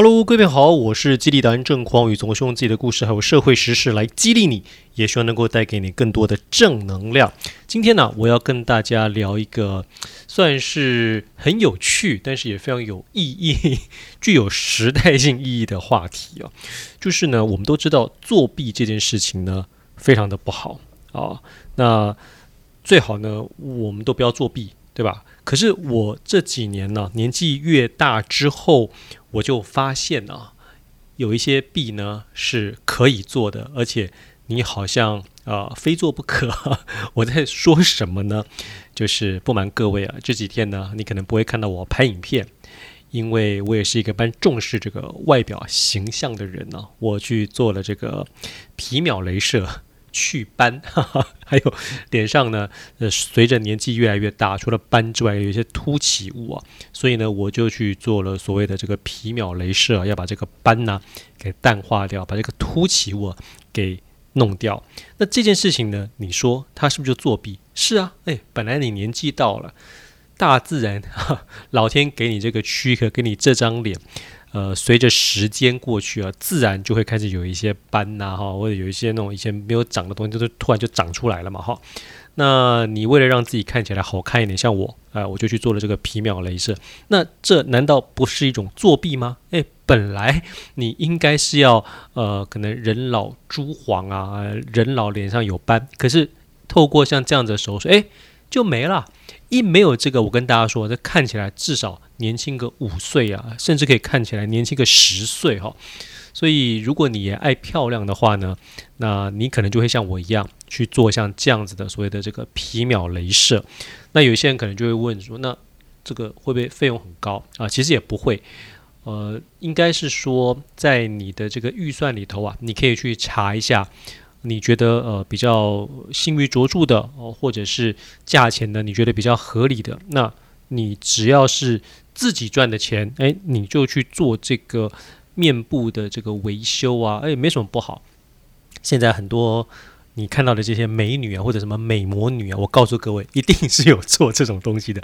Hello，各位好，我是激勵達人鄭匡宇，總是用自己的故事還有社會時事來激勵你，也希望能夠帶給你更多的正能量。今天呢，我要跟大家聊一個算是很有趣，但是也非常有意義、具有時代性意義的話題啊、哦，就是呢，我們都知道作弊這件事情呢非常的不好啊、哦，那最好呢，我們都不要作弊，對吧？可是我這幾年呢、啊，年紀越大之後，我就發現啊，有一些弊呢是可以做的，而且你好像啊、呃、非做不可。我在說什麼呢？就是不瞞各位啊，這幾天呢，你可能不會看到我拍影片，因為我也是一個蠻重視這個外表形象的人呢、啊。我去做了這個皮秒鐳射。祛斑哈哈，還有臉上呢，呃，隨着年紀越來越大，除了斑之外，有一些凸起物啊，所以呢，我就去做了所謂的這個皮秒鐳射，要把這個斑呢、啊、給淡化掉，把這個凸起物、啊、給弄掉。那這件事情呢，你說他是不是就作弊？是啊，哎，本來你年紀到了，大自然、哈哈，老天給你這個軀殼，給你這張臉。呃，隨着時間過去啊，自然就會開始有一些斑吶，哈，或者有一些那種以前沒有長的東西，就是突然就長出來了嘛，哈、哦。那你為了讓自己看起來好看一點，像我，哎、呃，我就去做了這個皮秒雷射。那這難道不是一種作弊嗎？哎，本來你應該是要，呃，可能人老珠黃啊，人老臉上有斑，可是透過像這樣子的手術，哎，就沒了。一沒有這個，我跟大家說，這看起來至少。年輕個五歲啊，甚至可以看起來年輕個十歲哈、哦，所以如果你也愛漂亮的話呢，那你可能就會像我一樣去做像這樣子的所謂的這個皮秒雷射。那有些人可能就會問說，那這個會不會費用很高啊？其實也不會，呃，應該是說在你的這個預算裡頭啊，你可以去查一下，你覺得呃比較信譽卓著的哦，或者是價錢呢你覺得比較合理的那。你只要是自己賺的錢，哎、欸，你就去做這個面部的這個維修啊，哎、欸，沒什麼不好。現在很多你看到的這些美女啊，或者什麼美魔女啊，我告訴各位，一定是有做這種東西的。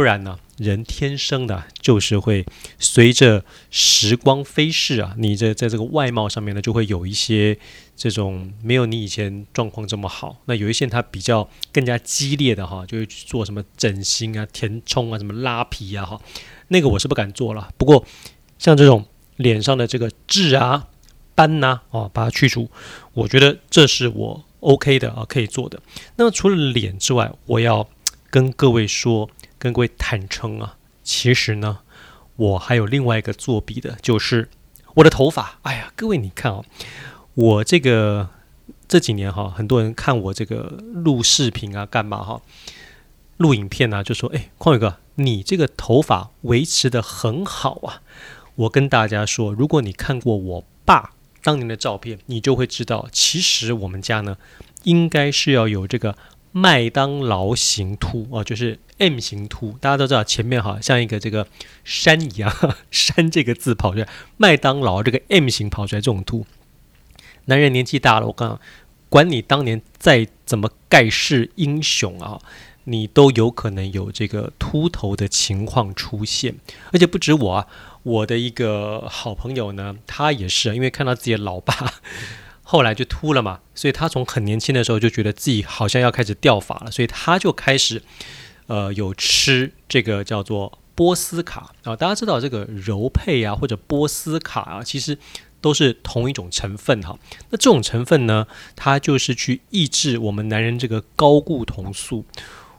不然呢、啊，人天生的就是會隨着時光飛逝啊，你這在這個外貌上面呢，就會有一些這種沒有你以前狀況這麼好。那有一些他比較更加激烈的哈、啊，就會去做什麼整形啊、填充啊、什麼拉皮呀，哈，那個我是不敢做了。不過像這種臉上的這個痣啊、斑吶、啊，哦，把它去除，我覺得這是我 OK 的啊，可以做的。那麼除了臉之外，我要跟各位說。跟各位坦誠啊，其實呢，我還有另外一個作弊的，就是我的頭髮。哎呀，各位你看哦，我這個這幾年哈，很多人看我這個錄視頻啊，幹嘛哈，錄影片啊，就說：“哎，匡宇哥，你這個頭髮維持得很好啊。”我跟大家說，如果你看過我爸當年的照片，你就會知道，其實我們家呢，應該是要有這個。麥當勞型禿啊，就是 M 型禿，大家都知道，前面好像一個這個山一樣、啊，山這個字跑出來，麥當勞這個 M 型跑出來，這種禿，男人年紀大了，我講，管你當年再怎麼蓋世英雄啊，你都有可能有這個禿頭的情況出現，而且不止我啊，我的一個好朋友呢，他也是因為看到自己的老爸。嗯後來就禿了嘛，所以他從很年輕的時候就覺得自己好像要開始掉髮了，所以他就開始，呃，有吃這個叫做波斯卡啊。大家知道這個柔沛啊，或者波斯卡啊，其實都是同一種成分哈、啊。那這種成分呢，它就是去抑制我們男人這個睪固酮素。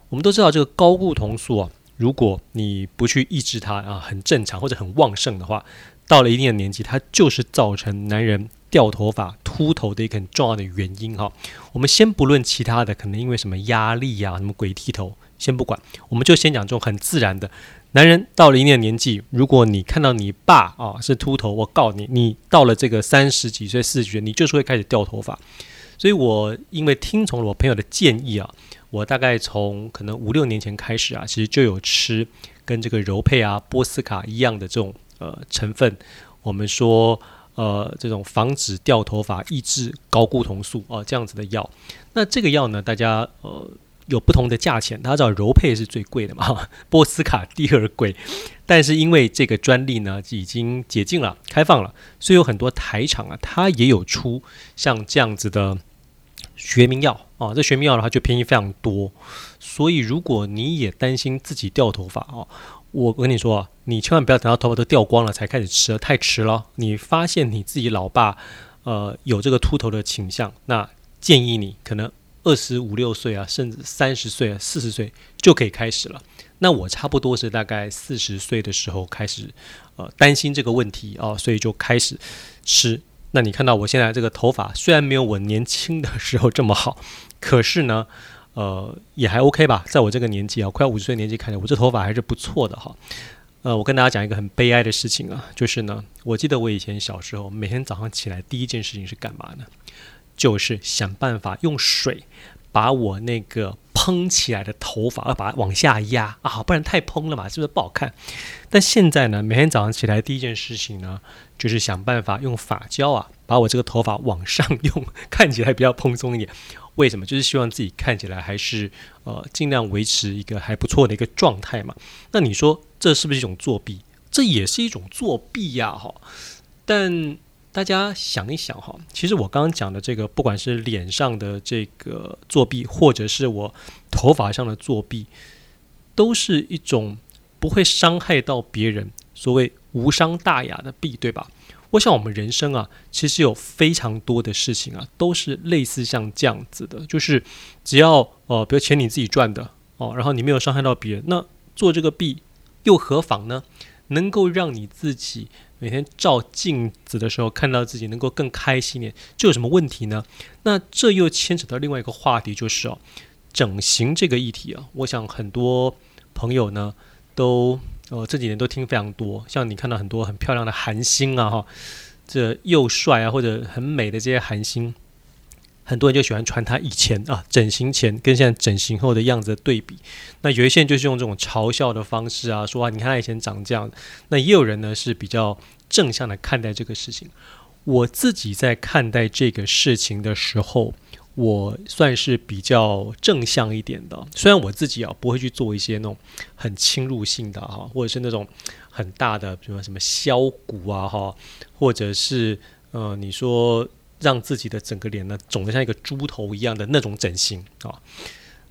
我們都知道這個睪固酮素啊。如果你不去抑制它啊，很正常，或者很旺盛的話，到了一定的年紀，它就是造成男人掉頭髮、禿頭的一個很重要的原因哈。我們先不論其他的，可能因為什麼壓力呀、啊、什麼鬼剃頭，先不管，我們就先講這種很自然的。男人到了一定的年紀，如果你看到你爸啊是禿頭，我告訴你，你到了這個三十幾歲、四十幾歲，你就是會開始掉頭髮。所以我因為聽從了我朋友的建議啊。我大概從可能五六年前開始啊，其實就有吃跟這個柔沛啊、波斯卡一樣的這種呃成分。我們說呃這種防止掉頭髮、抑制高固酮素啊、呃、這樣子的藥。那這個藥呢，大家呃有不同的價錢，大家知道柔沛是最貴的嘛，波斯卡第二貴。但是因為這個專利呢已經解禁了、開放了，所以有很多台廠啊，它也有出像這樣子的學名藥。哦，這玄妙的話就便宜非常多，所以如果你也擔心自己掉頭髮哦，我跟你說啊，你千萬不要等到頭髮都掉光了才開始吃，太遲了哦。你發現你自己老爸，呃，有這個禿頭的傾向，那建議你可能二十五六歲啊，甚至三十歲啊，四十歲就可以開始了。那我差不多是大概四十歲的時候開始，呃，擔心這個問題啊，所以就開始吃。那你看到我現在這個頭髮，雖然沒有我年輕的時候這麼好。可是呢，呃，也還 OK 吧，在我這個年紀啊，快五十歲的年紀看，看着我這頭髮還是不錯的哈。呃，我跟大家講一個很悲哀的事情啊，就是呢，我記得我以前小時候每天早上起來第一件事情是幹嘛呢？就是想辦法用水把我那個。蓬起來的頭髮要、啊、把它往下壓啊，不然太蓬了嘛，是不是不好看？但現在呢，每天早上起來第一件事情呢，就是想辦法用髮膠啊，把我這個頭髮往上用，看起來比較蓬鬆一點。為什麼？就是希望自己看起來還是呃盡量維持一個還不錯的一個狀態嘛。那你說這是不是一種作弊？這也是一種作弊呀、啊，哈。但大家想一想哈，其實我剛剛講的這個，不管是臉上的這個作弊，或者是我頭髮上的作弊，都是一種不會傷害到別人，所謂無傷大雅的弊，對吧？我想我們人生啊，其實有非常多的事情啊，都是類似像這樣子的，就是只要呃，比如錢你自己賺的哦，然後你沒有傷害到別人，那做這個弊又何妨呢？能夠讓你自己。每天照鏡子的時候，看到自己能夠更開心一點，這有什麼問題呢？那這又牽扯到另外一個話題，就是哦，整形這個議題啊，我想很多朋友呢都，呃，這幾年都聽非常多，像你看到很多很漂亮的韓星啊，哈，這又帥啊，或者很美的這些韓星。很多人就喜歡傳他以前啊，整形前跟現在整形後的樣子的對比。那有一些人就是用這種嘲笑的方式啊，說啊，你看他以前長這樣。那也有人呢是比較正向的看待這個事情。我自己在看待這個事情的時候，我算是比較正向一點的。雖然我自己啊不會去做一些那種很侵入性的哈、啊，或者是那種很大的，比如說什麼削骨啊哈、啊，或者是呃你說。讓自己的整個臉呢腫得像一個豬頭一樣的那種整形啊、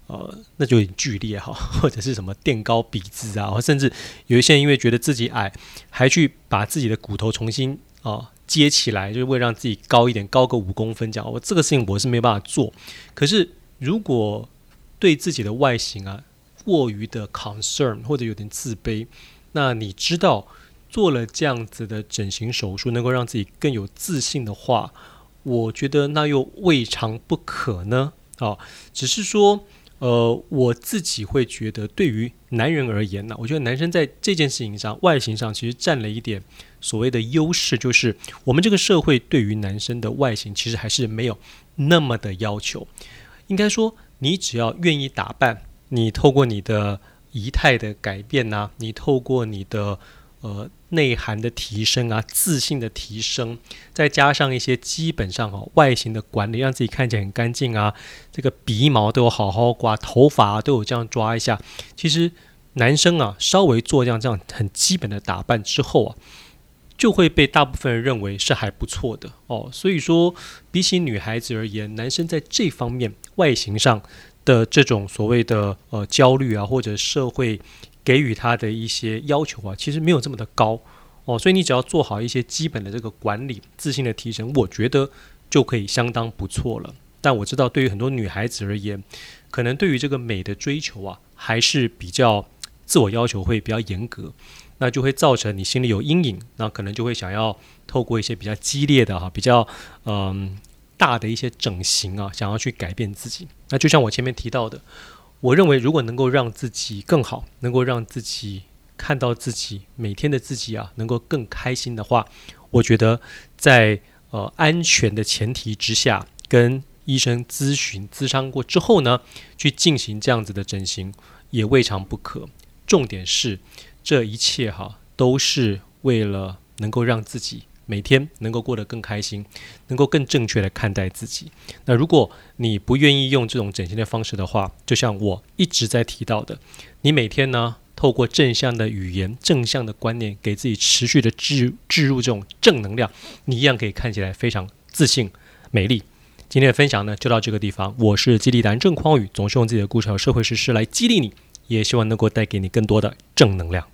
哦，呃，那就有點劇烈哈、哦，或者是什麼墊高鼻子啊、哦，甚至有一些人因為覺得自己矮，還去把自己的骨頭重新啊、哦、接起來，就是為了讓自己高一點，高個五公分。這樣、哦、我這個事情我是沒辦法做，可是如果對自己的外形啊過於的 concern 或者有點自卑，那你知道做了這樣子的整形手術，能夠讓自己更有自信的話。我覺得那又未嘗不可呢，啊、哦，只是說，呃，我自己會覺得，對於男人而言呢、啊，我覺得男生在這件事情上，外形上，其實占了一點所謂的優勢，就是我們這個社會對於男生的外形其實還是沒有那麼的要求，應該說，你只要願意打扮，你透過你的儀態的改變呢、啊，你透過你的。呃，內涵的提升啊，自信的提升，再加上一些基本上啊，哦，外形的管理，讓自己看起來很乾淨啊，這個鼻毛都有好好刮，頭髮啊，都有這樣抓一下。其實男生啊，稍微做這樣這樣很基本的打扮之後啊，就會被大部分人認為是還不錯的哦。所以說，比起女孩子而言，男生在這方面外形上的這種所謂的呃，焦慮啊，或者社會。給予他的一些要求啊，其實沒有這麼的高哦，所以你只要做好一些基本的這個管理、自信的提升，我覺得就可以相當不錯了。但我知道，對於很多女孩子而言，可能對於這個美的追求啊，還是比較自我要求會比較嚴格，那就會造成你心裡有陰影，那可能就會想要透過一些比較激烈的哈、啊、比較嗯大的一些整形啊，想要去改變自己。那就像我前面提到的。我認為，如果能夠讓自己更好，能夠讓自己看到自己每天的自己啊，能夠更開心的話，我覺得在呃安全的前提之下，跟醫生諮詢、諮商過之後呢，去進行這樣子的整形也未嘗不可。重點是，這一切哈、啊，都是為了能夠讓自己。每天能夠過得更開心，能夠更正確的看待自己。那如果你不願意用這種整形的方式的話，就像我一直在提到的，你每天呢透過正向的語言、正向的觀念，給自己持續的植、植入這種正能量，你一樣可以看起來非常自信、美麗。今天的分享呢就到這個地方，我是激勵達人鄭匡宇，總是用自己的故事和社會時事來激勵你，也希望能夠帶給你更多的正能量。